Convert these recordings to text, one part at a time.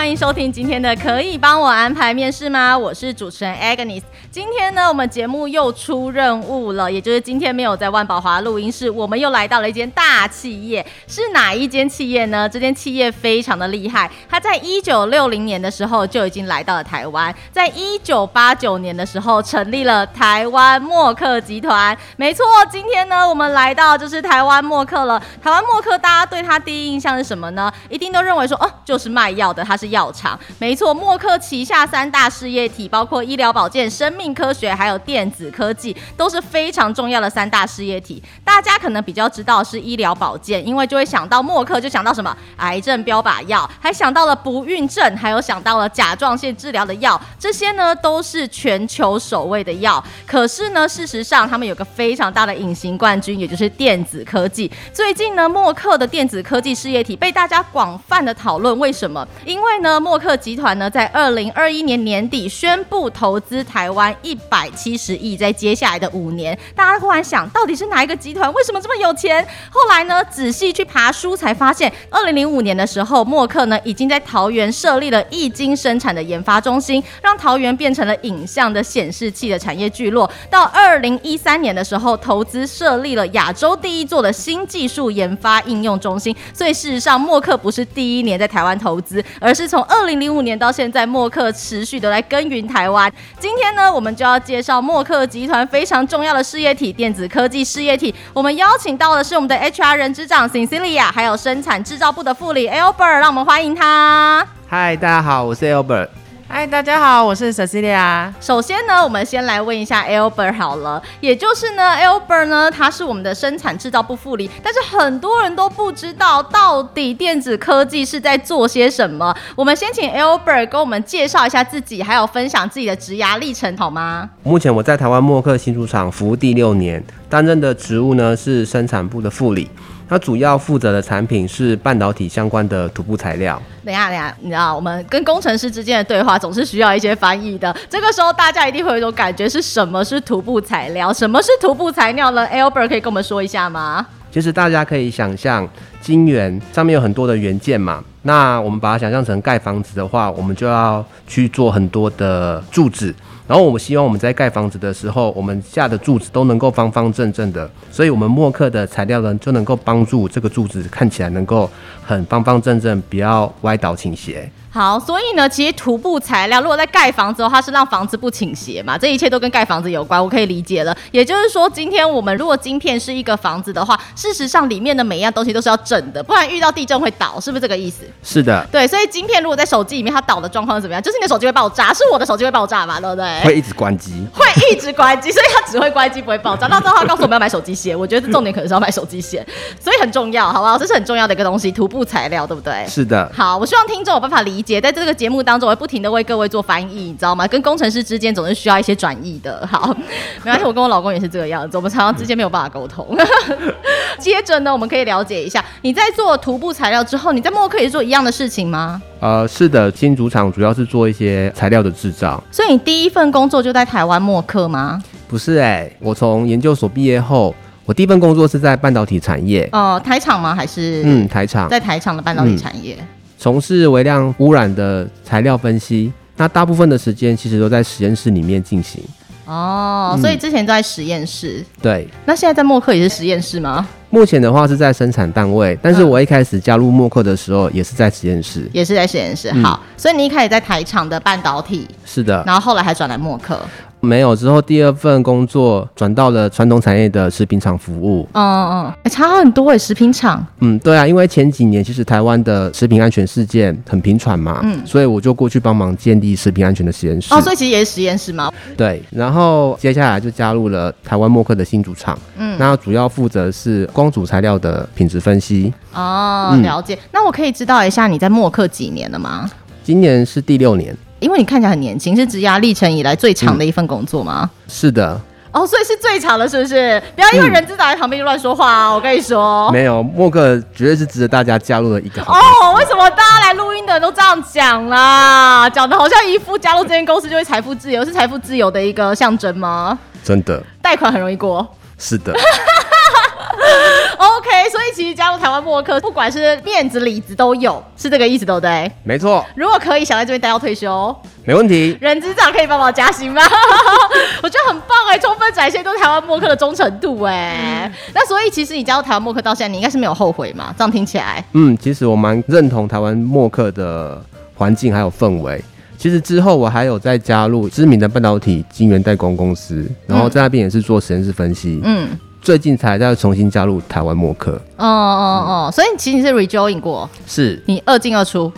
歡迎收聽今天的《可以幫我安排面試嗎？》我是主持人 Agnes。今天呢，我們節目又出任務了，也就是今天沒有在萬寶華錄音室，我們又來到了一間大企業。是哪一間企業呢？這間企業非常的厲害，它在一九六零年的時候就已經來到了台灣，在一九八九年的時候成立了台灣默克集團。沒錯，今天呢，我們來到就是台灣默克了。台灣默克大家對他第一印象是什麼呢？一定都認為說，哦，就是賣藥的，他是。藥廠沒錯，默克旗下三大事業體包括醫療保健、生命科學，還有電子科技，都是非常重要的三大事業體。大家可能比較知道是醫療保健，因為就會想到默克就想到什麼癌症標靶藥，還想到了不孕症，還有想到了甲狀腺治療的藥，這些呢都是全球首位的藥。可是呢，事實上他們有個非常大的隱形冠軍，也就是電子科技。最近呢，默克的電子科技事業體被大家廣泛的討論，為什麼？因為呢那默克集團呢在二零二一年年底宣布投資台灣一百七十億，在接下來的五年，大家忽然想到底是哪一個集團為什麼這麼有錢？後來呢，仔細去爬書才發現，二零零五年的時候，默克呢已經在桃園設立了液晶生產的研發中心，讓桃園變成了影像的顯示器的產業聚落。到二零一三年的時候，投資設立了亞洲第一座的新技術研發應用中心。所以事實上，默克不是第一年在台灣投資，而是。從二零零五年到現在，默克持續的來耕耘台灣。今天呢，我們就要介紹默克集團非常重要的事業體——電子科技事業體。我們邀請到的是我們的 HR 人之長 s i n c e l i a 還有生產製造部的副理 Albert，讓我們歡迎他。嗨，大家好，我是 Albert。嗨，大家好，我是 Cecilia。首先呢，我們先來問一下 Albert 好了，也就是呢，Albert 呢，他是我們的生產製造部副理，但是很多人都不知道到底電子科技是在做些什麼。我們先請 Albert 跟我們介紹一下自己，還有分享自己的職涯歷程，好嗎？目前我在台灣默克新竹廠服務第六年，擔任的職務呢是生產部的副理。他主要負責的產品是半導體相關的塗布材料。等下，等下，你知道我們跟工程師之間的對話總是需要一些翻譯的。這個時候，大家一定會有一種感覺：是什麼是塗布材料？什麼是塗布材料呢？Albert 可以跟我們說一下嗎？其實大家可以想象，晶圓上面有很多的元件嘛。那我們把它想象成蓋房子的話，我們就要去做很多的柱子。然後我們希望我們在蓋房子的時候，我們下的柱子都能夠方方正正的，所以我們默克的材料呢，就能夠幫助這個柱子看起來能夠很方方正正，不要歪倒傾斜。好，所以呢，其實塗佈材料如果在蓋房子的話，它是讓房子不傾斜嘛，這一切都跟蓋房子有關，我可以理解了。也就是說，今天我們如果晶片是一個房子的話，事實上裡面的每一樣東西都是要整的，不然遇到地震會倒，是不是這個意思？是的，對。所以晶片如果在手機裡面，它倒的狀況是怎麼樣？就是你的手機會爆炸，是我的手機會爆炸嘛？對不對？會一直關機。會一直關機， 所以它只會關機不會爆炸。那這話告訴我們要買手機險， 我覺得這重點可能是要買手機險，所以很重要，好不好？這是很重要的一個東西，塗佈材料，對不對？是的。好，我希望聽眾有辦法理。姐，在這個節目當中，我會不停的為各位做翻譯，你知道嗎？跟工程師之間總是需要一些轉譯的。好，沒關係，我跟我老公也是這個樣子，我們常常之間沒有辦法溝通。 接着呢，我們可以了解一下，你在做塗布材料之後，你在默克也是做一樣的事情嗎？呃，是的，新竹廠主要是做一些材料的製造。所以你第一份工作就在台灣默克嗎？不是哎、欸，我從研究所畢業後，我第一份工作是在半導體產業。哦、呃，台廠嗎？還是嗯，台廠，在台廠的半導體產業。嗯從事微量污染的材料分析，那大部分的時間其實都在實驗室裡面進行。哦，所以之前都在實驗室、嗯。對，那現在在默克也是實驗室嗎？目前的話是在生產單位，但是我一開始加入默克的時候也是在實驗室，嗯、也是在實驗室、嗯。好，所以你一開始在台廠的半導體，是的，然後後來還轉來默克。沒有，之後第二份工作轉到了傳統產業的食品廠服務。嗯嗯嗯，差很多誒，食品廠。嗯，對啊，因為前幾年其實台灣的食品安全事件很頻傳嘛。嗯。所以我就過去幫忙建立食品安全的實驗室。哦，所以其實也是實驗室嗎？對。然後接下來就加入了台灣默克的新竹廠。嗯。那主要負責是光阻材料的品質分析。哦、嗯，了解。那我可以知道一下你在默克幾年了嗎？今年是第六年。因為你看起來很年輕，是職涯歷程以來最長的一份工作嗎？嗯、是的。哦，所以是最長的，是不是？不要因為人資在旁邊就亂說話啊、嗯！我跟你說，沒有默克絕對是值得大家加入的一個。哦，為什麼大家來錄音的人都這樣講啦？講得好像一副加入這間公司就會財富自由， 是財富自由的一個象徵嗎？真的？貸款很容易過？是的。 OK，所以其實加入台灣默克，不管是面子裡子都有，是這個意思對不對？沒錯。如果可以，想在這邊待到退休，沒問題。人資長可以幫忙加薪嗎？ 我覺得很棒哎、欸，充分展現對台灣默克的忠誠度哎、欸嗯。那所以其實你加入台灣默克到現在，你應該是沒有後悔嘛？這樣聽起來，嗯，其實我蠻認同台灣默克的環境還有氛圍。其實之後我還有再加入知名的半導體晶圓代工公司，然後在那邊也是做實驗室分析，嗯。嗯最近才再重新加入台灣默克，哦哦哦，所以你其實是 rejoin 過，是你二進二出，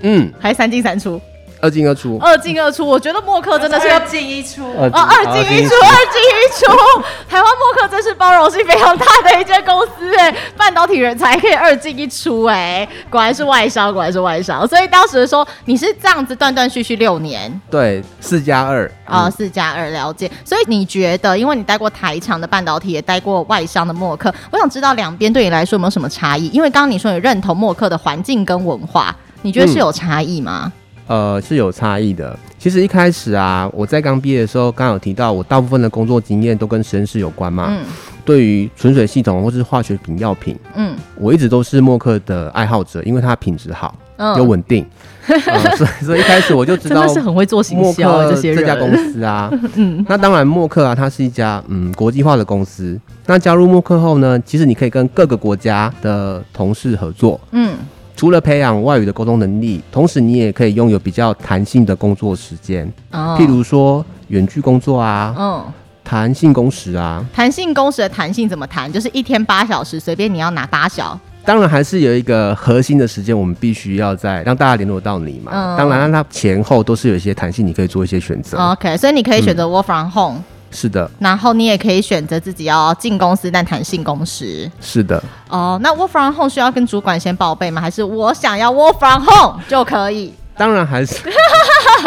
嗯，還三進三出。二進二出，二進二出，我覺得默克真的是要進一出，二進一出，二進一出，一出一出一出一出 台灣默克真是包容性非常大的一間公司哎，半導體人才可以二進一出哎，果然是外商，果然是外商。所以當時說你是這樣子斷斷續續六年，對，四加二啊，四加二，了解。所以你覺得，因為你待過台廠的半導體，也待過外商的默克，我想知道兩邊對你來說有沒有什麼差異？因為剛剛你說你認同默克的環境跟文化，你覺得是有差異嗎？嗯呃，是有差異的。其實一開始啊，我在剛畢業的時候，剛有提到我大部分的工作經驗都跟實驗室有關嘛。嗯。對於純水系統或是化學品藥品，嗯，我一直都是默克的愛好者，因為它品質好，哦、又穩定、呃。所以，所以一開始我就知道 真的是很會做行銷的這些人。默克這家公司啊，嗯。那當然，默克啊，它是一家嗯國際化的公司。那加入默克後呢，其實你可以跟各個國家的同事合作。嗯。除了培養外語的溝通能力，同時你也可以擁有比較彈性的工作時間，oh. 譬如說遠距工作啊，嗯，彈性工時啊，彈性工時的彈性怎麼彈？就是一天八小時，隨便你要拿八小。當然還是有一個核心的時間，我們必須要在讓大家聯絡到你嘛。Oh. 當然讓它前後都是有一些彈性，你可以做一些選擇。Oh, OK，所以你可以選擇 Work from Home。嗯是的，然後你也可以選擇自己要進公司，但彈性工時。是的，哦、uh，那 work from home 需要跟主管先報備嗎？還是我想要 work from home 就可以？當然還是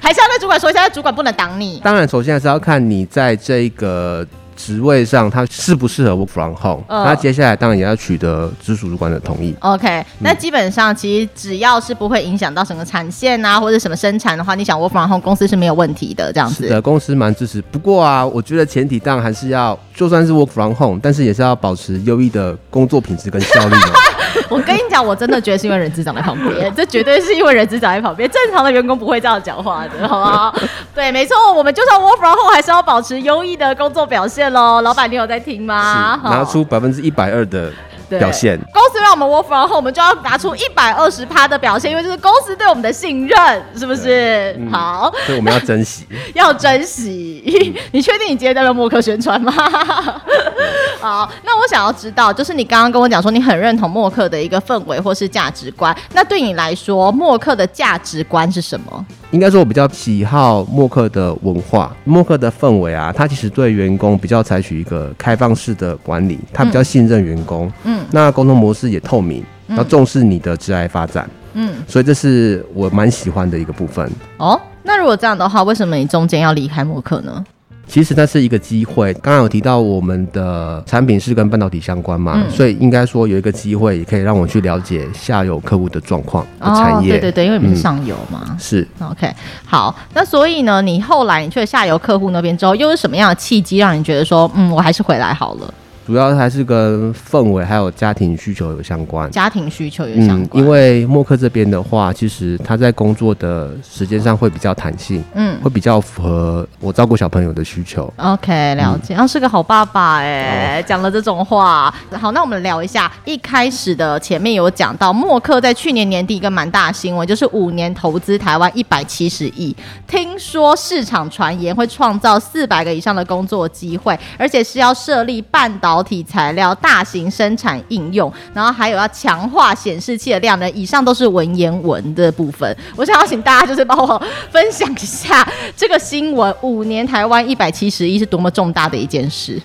還是要跟主管說一下，主管不能擋你。當然，首先還是要看你在這個。職位上他適不適合 work from home？那、哦、接下來當然也要取得直屬主管的同意。OK，那、嗯、基本上其實只要是不會影響到什麼產線啊或者什麼生產的話，你想 work from home 公司是沒有問題的這樣子。是的，公司蠻支持。不過啊，我覺得前提當然還是要，就算是 work from home，但是也是要保持優異的工作品質跟效率、啊。 我跟你講，我真的覺得是因為人資長在旁邊， 這絕對是因為人資長在旁邊。正常的員工不會這樣講話的，好嗎？ 對，沒錯，我們就算 work from home，還是要保持優異的工作表現咯。老闆，你有在聽嗎？拿出百分之一百二的。表現。公司讓我們 work from home，我們就要拿出一百二十趴的表現，因為這是公司對我們的信任，是不是？對嗯、好，所以我們要珍惜， 要珍惜。嗯、 你確定你今天在為默克宣傳嗎？ 好，那我想要知道，就是你剛剛跟我講說你很認同默克的一個氛圍或是價值觀，那對你來說，默克的價值觀是什麼？應該說，我比較喜好默克的文化，默克的氛圍啊，他其實對員工比較採取一個開放式的管理，他、嗯、比較信任員工，嗯，那溝通模式也透明，嗯、要重視你的職業發展，嗯，所以這是我蠻喜歡的一個部分。哦，那如果這樣的話，為什麼你中間要離開默克呢？其實那是一個機會。剛剛有提到我們的產品是跟半導體相關嘛，嗯、所以應該說有一個機會，也可以讓我去了解下游客戶的狀況和、哦、產業。對對對，因為你是上游嘛、嗯。是。OK，好。那所以呢，你後來你去了下游客戶那邊之後，又是什麼樣的契機讓你覺得說，嗯，我還是回來好了？主要還是跟氛圍還有家庭需求有相關，家庭需求有相關。嗯，因為默克這邊的話，其實他在工作的時間上會比較彈性，嗯，會比較符合我照顧小朋友的需求。OK，了解。嗯、啊，是個好爸爸哎、欸，講、哦、了這種話。好，那我們聊一下一開始的前面有講到默克在去年年底一個蠻大的新聞，就是五年投資台灣一百七十億，聽說市場傳言會創造四百個以上的工作機會，而且是要設立半導體材料、大型生產應用，然後還有要強化顯示器的量呢。以上都是文言文的部分。我想要請大家就是幫我分享一下這個新聞：五年台灣一百七十億，是多麼重大的一件事。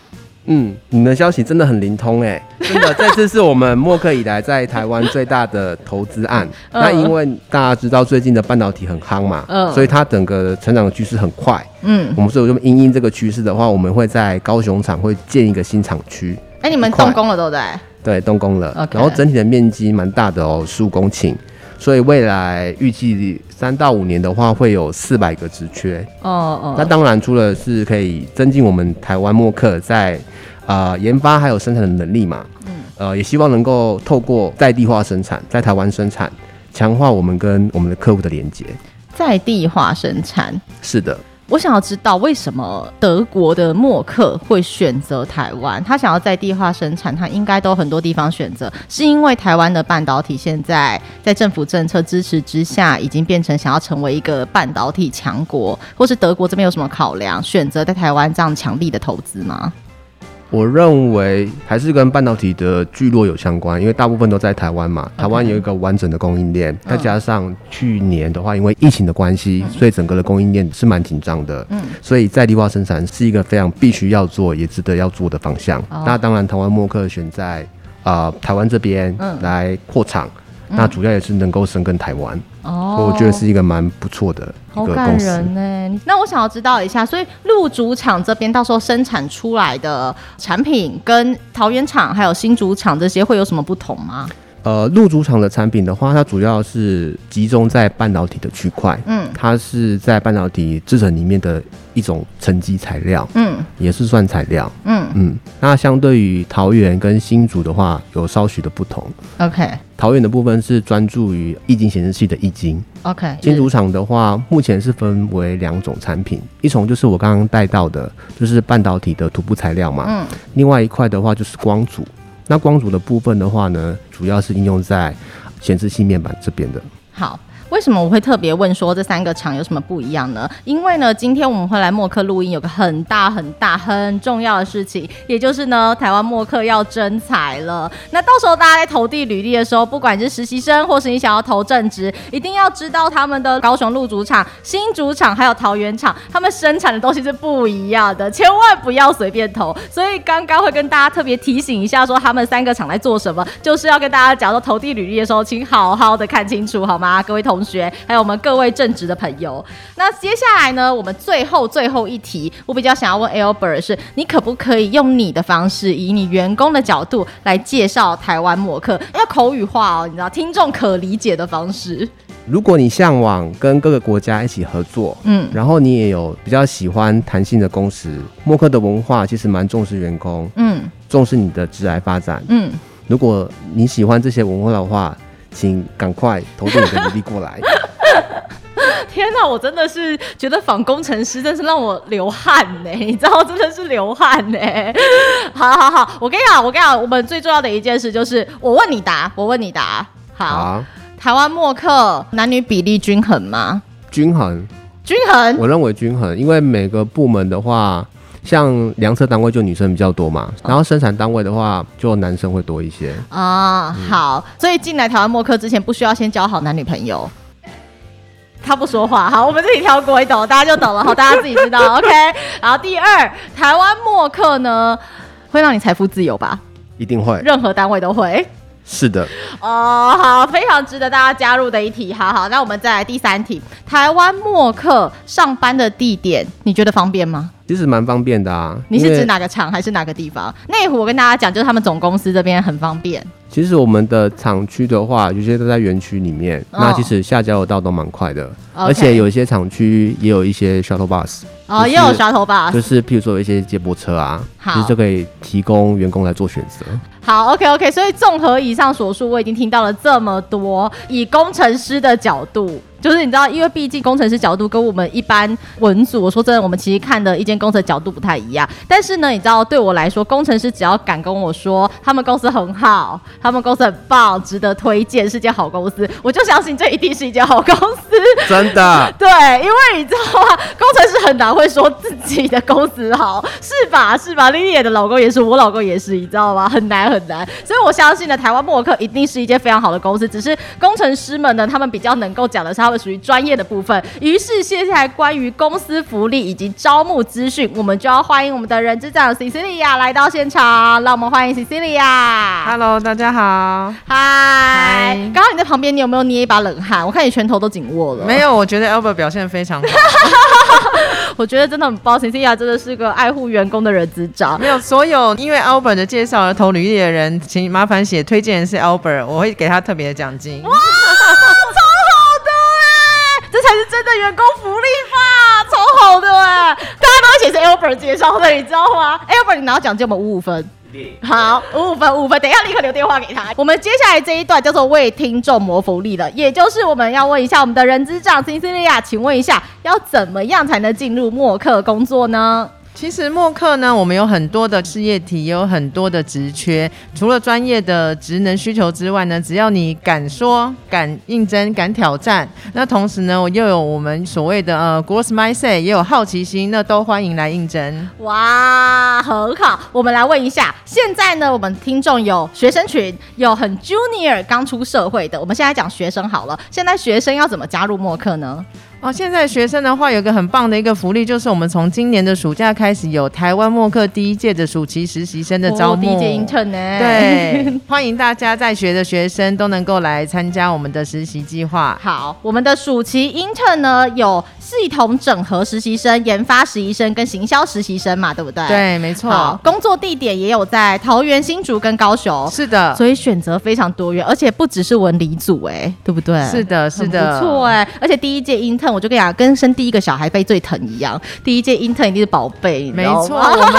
嗯，你們的消息真的很靈通哎、欸！真的，這 次是我們默克以來在台灣最大的投資案。 那因為大家知道最近的半導體很夯嘛，嗯，所以它整個成長的趨勢很快，嗯。我們所以就因應這個趨勢的話，我們會在高雄廠會建一個新廠區。哎、欸，你們動工了對不對？對，動工了。Okay、然後整體的面積蠻大的哦，十五公頃。所以未來預計三到五年的話，會有四百個職缺。哦哦。那當然除了是可以增進我們台灣默克在啊、呃，研發還有生產的能力嘛，嗯，呃，也希望能夠透過在地化生產，在台灣生產，強化我們跟我們的客戶的連接。在地化生產。是的，我想要知道為什麼德國的默克會選擇台灣？他想要在地化生產，他應該都很多地方選擇，是因為台灣的半導體現在在政府政策支持之下，已經變成想要成為一個半導體強國，或是德國這邊有什麼考量，選擇在台灣這樣強力的投資嗎？我認為還是跟半導體的聚落有相關，因為大部分都在台灣嘛，台灣有一個完整的供應鏈，okay. 再加上去年的話，因為疫情的關係、嗯，所以整個的供應鏈是蠻緊張的。嗯，所以在地化生產是一個非常必須要做也值得要做的方向。哦、那當然，台灣默克選在啊、呃、台灣這邊來擴廠、嗯，那主要也是能夠深耕台灣。哦，我覺得是一個蠻不錯的一個公司。好感人欸。那我想要知道一下，所以路竹廠這邊到時候生產出來的產品，跟桃園廠還有新竹廠這些會有什麼不同嗎？呃，路竹廠的產品的話，它主要是集中在半導體的區塊。嗯，它是在半導體製程裡面的一種沉積材料。嗯，也是算材料。嗯嗯。那相對於桃園跟新竹的話，有稍許的不同。OK。桃園的部分是專注於液晶顯示器的液晶。OK。新竹廠的話，目前是分為兩種產品，嗯、一種就是我剛剛帶到的，就是半導體的塗布材料嘛。嗯。另外一塊的話，就是光阻。那光阻的部分的話呢，主要是應用在顯示器面板這邊的。好。為什麼我會特別問說，這三個廠有什麼不一樣呢？因為呢，今天我們會來默克錄音，有個很大很大很重要的事情，也就是呢，台灣默克要徵才了。那到時候，大家在投遞履歷的時候，不管你是實習生或是你想要投正職，一定要知道他們的高雄路竹廠、新竹廠還有桃園廠，他們生產的東西是不一樣的，千萬不要隨便投。所以剛剛會跟大家特別提醒一下，說他們三個廠在做什麼，就是要跟大家講說，投遞履歷的時候，請好好的看清楚好嗎？各位投。同學，還有我們各位正直的朋友，那接下來呢？我們最後最後一題，我比較想要問 Albert 是，你可不可以用你的方式，以你員工的角度來介紹台灣默克？要口語化哦、喔，你知道聽眾可理解的方式。如果你向往跟各個國家一起合作，嗯，然後你也有比較喜歡彈性的工時，默克的文化其實蠻重視員工，嗯，重視你的職涯發展，嗯，如果你喜歡這些文化的話。請趕快投入你的努力，力過來 。天哪、啊，我真的是覺得仿工程師真是讓我流汗呢，你知道真真是流汗呢。好，好，好，我跟你講，我跟你講，我們最重要的一件事就是我問你答，我問你答。好，啊、台灣默克男女比例均衡嗎？均衡，均衡。我認為均衡，因為每個部門的話。像量測單位就女生比較多嘛，哦、然後生產單位的話就男生會多一些啊、嗯嗯。好，所以進來台灣默克之前不需要先交好男女朋友。他不說話，好，我們自己挑，國語懂，大家就懂了，好，大家自己知道 ，OK。好，第二，台灣默克呢會讓你財富自由吧？一定會，任何單位都會。是的。哦，好，非常值得大家加入的一題，哈好，好，那我們再來第三題，台灣默克上班的地點，你覺得方便嗎？其實蠻方便的啊！你是指哪個廠還是哪個地方？內湖，我跟大家講，就是他們總公司這邊很方便。其實我們的廠區的話，有些都在園區裡面，哦，那其實下交流道都蠻快的，哦。而且有一些廠區也有一些 shuttle bus，哦，就是、也有 shuttle bus，就是譬如說有一些接駁車啊，好，就是、就可以提供員工來做選擇。好，OK OK，所以綜合以上所述，我已經聽到了這麼多，以工程師的角度。就是你知道，因為畢竟工程師角度跟我們一般文組，我說真的，我們其實看的一間公司角度不太一樣。但是呢，你知道，對我來說，工程師只要敢跟我說他們公司很好，他們公司很棒，值得推薦，是間好公司，我就相信這一定是一間好公司。真的，對，因為你知道嗎？工程師很難會說自己的公司好，是吧？是吧？Lily 的老公也是，我老公也是，你知道嗎？很難很難。所以我相信呢，台灣默克一定是一間非常好的公司。只是工程師們呢，他們比較能夠講的是他。屬於專業的部分，於是接下來關於公司福利以及招募資訊，我們就要歡迎我們的人資長 Cecilia 來到現場。讓我們歡迎 Cecilia。Hello，大家好。Hi，剛剛你在旁邊，你有沒有捏一把冷汗？我看你拳頭都緊握了。沒有，我覺得 Albert 表現的非常好。 我覺得真的很棒 ，Cecilia 真的是個愛護員工的人資長。沒有，所有因為 Albert 的介紹而投履歷的人，請麻煩寫推薦人是 Albert，我會給他特別的獎金。哇是真的員工福利吧，超好的哎！剛 剛都寫是 Albert 介紹的， 你知道嗎？Albert，你拿到獎金我們五五分，好，五五分，五分,分。等一下立刻留電話給他。我們接下來這一段叫做為聽眾謀福利的，也就是我們要問一下我們的人資長 Cecilia，請問一下，要怎麼樣才能進入默克工作呢？其實默克呢，我們有很多的事業體，也有很多的職缺。除了專業的職能需求之外呢，只要你敢說、敢應徵、敢挑戰，那同時呢，我又有我們所謂的呃 growth mindset，也有好奇心，那都歡迎來應徵。哇，很好！我們來問一下，現在呢，我們聽眾有學生群，有很 junior 剛出社會的，我們現在講學生好了。現在學生要怎麼加入默克呢？哦，現在學生的話，有一個很棒的一個福利，就是我們從今年的暑假開始有台灣默克第一屆的暑期實習生的招、哦，第一屆英 n 呢，對， 歡迎大家在學的學生都能夠來參加我們的實習計劃。好，我們的暑期英 n 呢有。系統整合實習生、研發實習生跟行銷實習生嘛，對不對？對，沒錯。工作地點也有在桃園、新竹跟高雄。是的，所以選擇非常多元，而且不只是文理組、欸，哎，對不對？是的，是的，不錯、欸，哎。而且第一屆 intern 我就跟你講，跟生第一個小孩被最疼一樣，第一屆 intern 一定是寶貝，沒錯。我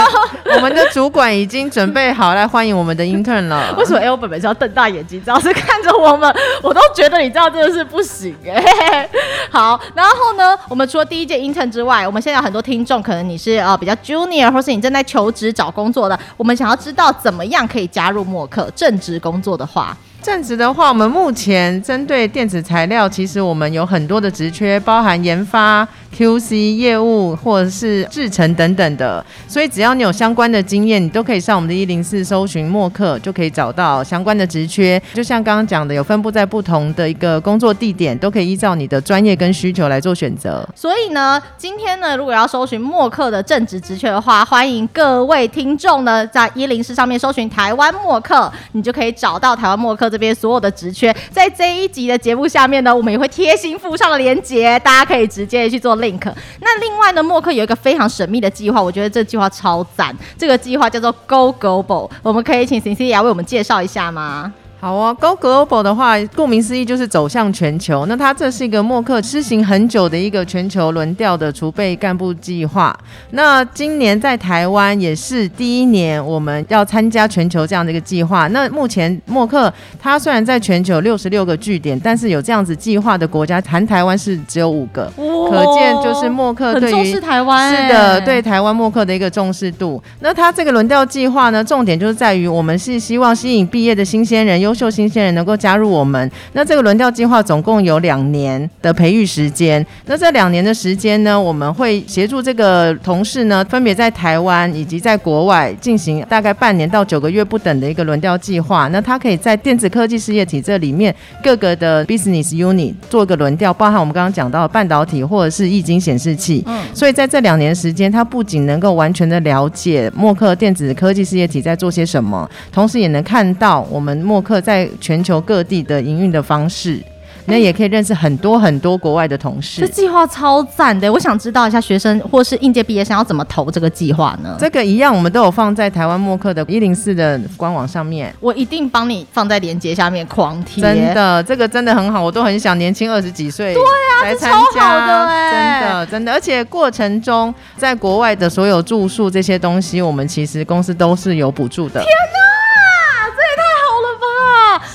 們， 我們的主管已經準備好來歡迎我們的 intern 了。為什麼 L、欸、我本來是要瞪大眼睛，只要是看着我們，我都覺得你知道真的是不行、欸，哎。好，然後呢？我們除了第一屆 intern 之外，我們現在有很多聽眾，可能你是呃比較 junior，或是你正在求職找工作的，我們想要知道怎麼樣可以加入默克正職工作的話。正職的話，我們目前針對電子材料，其實，我們有很多的職缺，包含研發、QC、業務或者是製程等等的。所以只要你有相關的經驗，你都可以上我們的104搜尋默克，就可以找到相關的職缺。就像剛剛講的，有分佈在不同的一個工作地點，都可以依照你的專業跟需求來做選擇。所以呢，今天呢，如果要搜尋默克的正職職缺的話，歡迎各位聽眾呢，在104上面搜尋台灣默克，你就可以找到台灣默克的。這邊所有的職缺，在這一集的節目下面呢，我們也會貼心附上了鏈接，大家可以直接去做 link。那另外呢，默克有一個非常神秘的計劃，我覺得這計劃超讚，這個計劃叫做 Go Global，我們可以請 Cecilia 為我們介紹一下嗎？好啊，哦，Go Global 的話，顧名思義就是走向全球。那它這是一個默克施行很久的一個全球輪調的儲備幹部計劃。那今年在台灣也是第一年，我們要參加全球這樣的一個計劃。那目前默克它雖然在全球有六十六個據點，但是有這樣子計劃的國家，含台灣是只有五個，哦，可見就是默克對於台灣是的，對台灣默克的一個重視度。那他這個輪調計劃呢，重點就是在於我們是希望吸引畢業的新鮮人。優秀新鮮人能夠加入我們。那這個輪調計劃總共有兩年的培育時間。那這兩年的時間呢，我們會協助這個同事呢，分別在台灣以及在國外進行大概半年到九個月不等的一個輪調計劃。那他可以在電子科技事業體這裡面各個的 business unit 做一個輪調，包含我們剛剛講到的半導體或者是液晶顯示器。所以在這兩年時間，他不僅能夠完全的了解默克電子科技事業體在做些什麼，同時也能看到我們默克在全球各地的營運的方式，那也可以認識很多很多國外的同事。嗯、這計劃超贊的，我想知道一下學生或是應屆畢業生要怎麼投這個計劃呢？這個一樣，我們都有放在台灣默克的一零四的官網上面。我一定幫你放在鏈接下面狂貼，真的，這個真的很好，我都很想年輕二十幾歲，對啊，來參加的、欸，真的真的。而且過程中，在國外的所有住宿這些東西，我們其實公司都是有補助的。天哪、啊！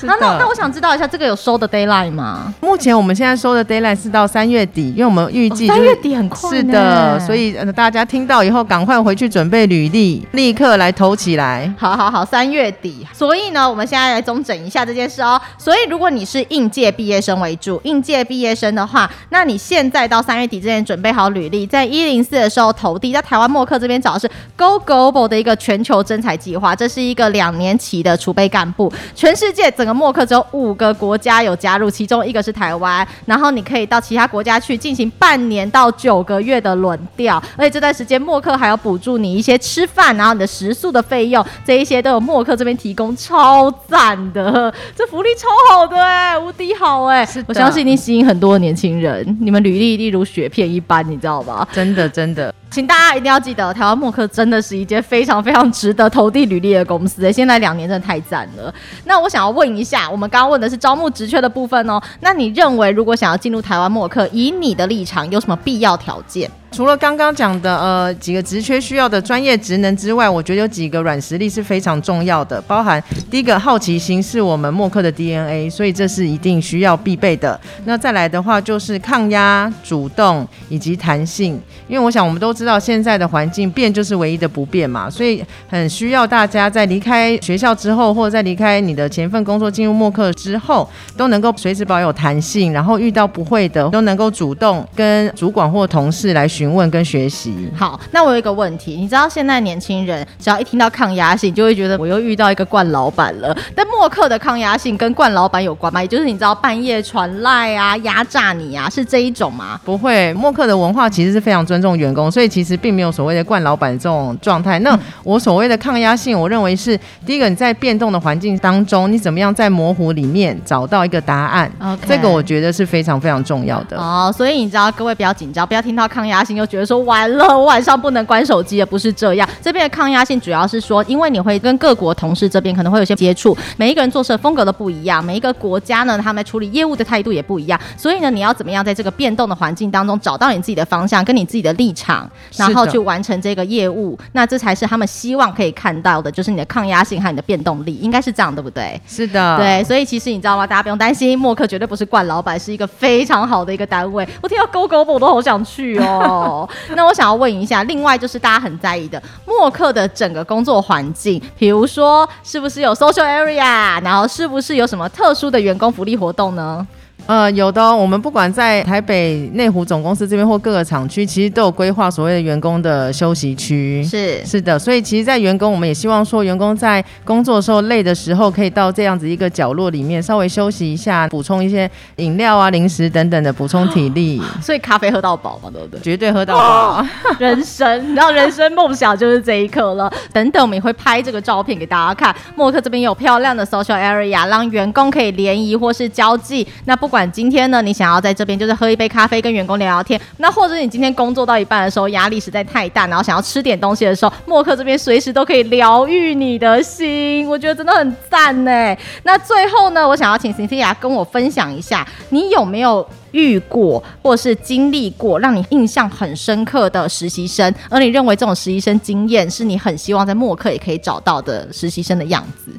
那那那我想知道一下，這個有收的 deadline 嗎？目前我們現在收的 deadline 是到三月底，因為我們預計三月底很快，是的，哦欸、所以、呃、大家聽到以後趕快回去準備履歷，立刻來投起來。好好好，三月底。所以呢，我們現在來總整一下這件事哦、喔。所以如果你是應屆畢業生為主，應屆畢業生的話，那你現在到三月底之前準備好履歷，在一零四的時候投遞，在台灣默克這邊找的是 Go Global 的一個全球徵才計劃，這是一個兩年期的儲備幹部，全世界整個。默克只有五個國家有加入，其中一個是台灣，然後你可以到其他國家去進行半年到九個月的輪調，而且這段時間默克還要補助你一些吃飯，然後你的食宿的費用，這一些都有默克這邊提供，超讚的，這福利超好，對、欸，無敵好、欸，哎，我相信一定吸引很多的年輕人，你們履歷一定如雪片一般，你知道吧？真的，真的。請大家一定要記得，台灣默克真的是一間非常非常值得投遞履歷的公司，欸，現在兩年真的太贊了。那我想要問一下，我們剛剛問的是招募職缺的部分哦、喔。那你認為，如果想要進入台灣默克，以你的立場，有什麼必要條件？除了剛剛講的呃幾個職缺需要的專業職能之外，我覺得有幾個軟實力是非常重要的，包含第一個好奇心是我們默克的 DNA，所以這是一定需要必備的。那再來的話就是抗壓、主動以及彈性，因為我想我們都知道現在的環境變就是唯一的不變嘛，所以很需要大家在離開學校之後，或在離開你的前一份工作進入默克之後，都能夠隨時保有彈性，然後遇到不會的都能夠主動跟主管或同事來學。詢問跟學習。好，那我有一個問題，你知道現在年輕人只要一聽到抗壓性，就會覺得我又遇到一個慣老板了。但默克的抗壓性跟慣老板有關嗎？也就是你知道半夜傳賴啊、壓榨你啊，是這一種嗎？不會，默克的文化其實是非常尊重員工，所以其實並沒有所謂的慣老板這種狀態。那我所謂的抗壓性，我認為是第一個，你在變動的環境當中，你怎麼樣在模糊裡面找到一個答案、okay？這個我覺得是非常非常重要的。哦，所以你知道各位不要緊張，不要聽到抗壓性。又覺得說完了，我晚上不能關手機也不是這樣。這邊的抗壓性主要是說，因為你會跟各國同事這邊可能會有些接觸，每一個人做事的風格都不一樣，每一個國家呢，他們處理業務的態度也不一樣。所以呢，你要怎麼樣在這個變動的環境當中找到你自己的方向，跟你自己的立場，然後去完成這個業務，那這才是他們希望可以看到的，就是你的抗壓性和你的變動力，應該是這樣，對不對？是的，對。所以其實你知道嗎？大家不用擔心，默克絕對不是慣老板，是一個非常好的一個單位。我聽到勾勾我都好想去哦。 哦， 那我想要問一下，另外就是大家很在意的默克的整個工作環境，比如說是不是有 social area，然後是不是有什麼特殊的員工福利活動呢？呃，有的、哦，我們不管在台北內湖總公司這邊或各個廠區，其實都有規劃所謂的員工的休息區。是是的，所以其實在員工，我們也希望說，員工在工作的時候累的時候，可以到這樣子一個角落裡面稍微休息一下，補充一些飲料啊、零食等等的，補充體力、啊。所以咖啡喝到飽嘛，對不對？絕對喝到飽，啊、 人生然後人生夢想就是這一刻了。等等，我們也會拍這個照片給大家看。默克這邊有漂亮的 social area，讓員工可以聯誼或是交際。那不。不管今天呢，你想要在這邊就是喝一杯咖啡跟員工聊聊天，那或者你今天工作到一半的時候壓力實在太大，然後想要吃點東西的時候，默克這邊隨時都可以療癒你的心，我覺得真的很讚呢。那最後呢，我想要請 Cecilia 跟我分享一下，你有沒有遇過或是經歷過讓你印象很深刻的實習生，而你認為這種實習生經驗是你很希望在默克也可以找到的實習生的樣子？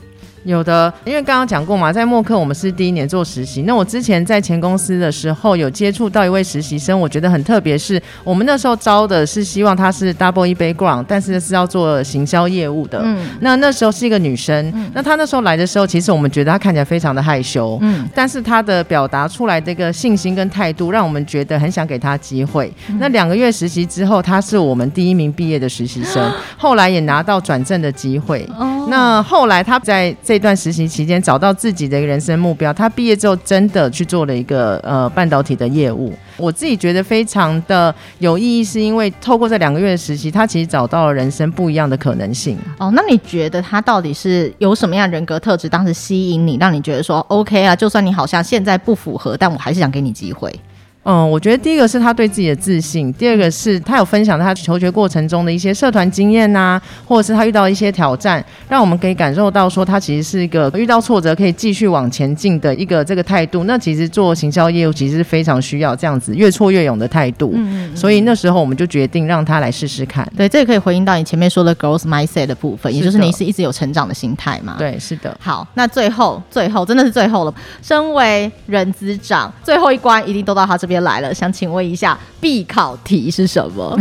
有的，因為剛剛講過嘛，在默克我們是第一年做實習。那我之前在前公司的時候，有接觸到一位實習生，我覺得很特別是。是我們那時候招的是希望他是 double E b a y g r o u n d，但是是要做行銷業務的。嗯。那那時候是一個女生、嗯。那她那時候來的時候，其實我們覺得她看起來非常的害羞。嗯。但是她的表達出來這個信心跟態度，讓我們覺得很想給她機會、嗯。那兩個月實習之後，她是我們第一名畢業的實習生，後來也拿到轉正的機會。哦。那後來她在。在這段實習期間找到自己的一個人生目標，他畢業之後真的去做了一個呃半導體的業務。我自己覺得非常的有意義，是因為透過這兩個月的實習，他其實找到了人生不一樣的可能性。哦，那你覺得他到底是有什麼樣的人格特質，當時吸引你，讓你覺得說 OK 啊，就算你好像現在不符合，但我還是想給你機會。嗯，我覺得第一個是他對自己的自信，第二個是他有分享他求學過程中的一些社團經驗吶、啊，或者是他遇到一些挑戰，讓我們可以感受到說他其實是一個遇到挫折可以繼續往前進的一個這個態度。那其實做行銷業務其實是非常需要這樣子越挫越勇的態度，嗯。所以那時候我們就決定讓他來試試看。對，這也可以回應到你前面說的 growth mindset 的部分，也就是你是一直有成長的心態嘛。對，是的。好，那最後最後真的是最後了，身為人資長，最後一關一定都到他這邊。也來了，想請問一下必考題是什麼？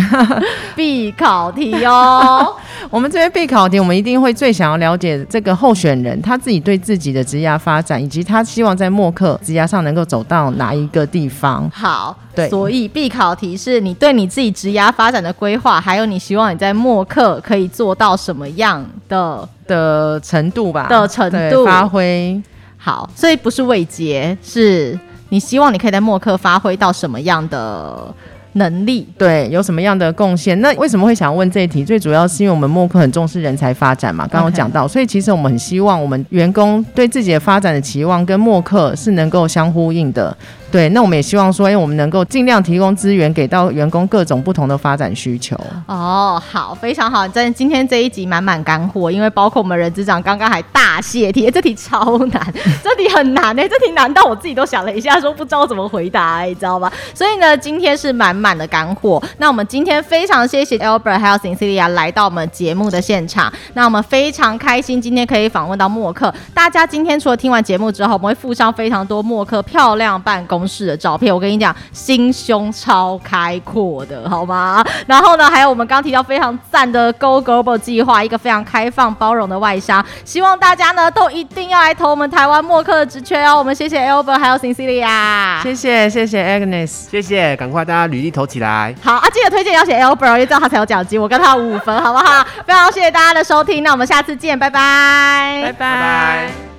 必 考題哦， 我們這邊必考題，我們一定會最想要了解這個候選人他自己對自己的職涯發展，以及他希望在默克職涯上能夠走到哪一個地方。好，對，所以必考題是你對你自己職涯發展的規劃，還有你希望你在默克可以做到什麼樣的的程度吧？的程度，發揮好，所以不是未結是。你希望你可以在默克發揮到什麼樣的能力？對，有什麼樣的貢獻？那為什麼會想要問這一題？最主要是因為我們默克很重視人才發展嘛，剛剛講到，okay. 所以其實我們很希望我們員工對自己的發展的期望跟默克是能夠相呼應的。對，那我們也希望說，因為我們能夠盡量提供資源給到員工各種不同的發展需求。哦，好，非常好，在今天這一集滿滿乾貨，因為包括我們人資長剛剛還大謝題，欸，這題超難， 這題很難哎，欸，這題難到我自己都想了一下，說不知道怎麼回答，欸，你知道嗎？所以呢，今天是滿滿的乾貨。那我們今天非常謝謝 Albert 和 Cecilia 來到我們節目的現場。那我們非常開心今天可以訪問到默克。大家今天除了聽完節目之後，我們會附上非常多默克漂亮辦公同事的照片，我跟你講，心胸超開闊的，好嗎？然後呢，還有我們剛提到非常讚的 Go Global 計劃，一個非常開放包容的外商，希望大家呢都一定要來投我們台灣默克的職缺哦。我們謝謝 Albert，還有 Cecilia，謝謝謝謝 Agnes，謝謝，趕快大家履歷投起來。好啊，記得推薦要寫 Albert，因為這樣他才有獎金， 我跟他五分，好不好？ 非常謝謝大家的收聽，那我們下次見，拜拜，拜拜。Bye bye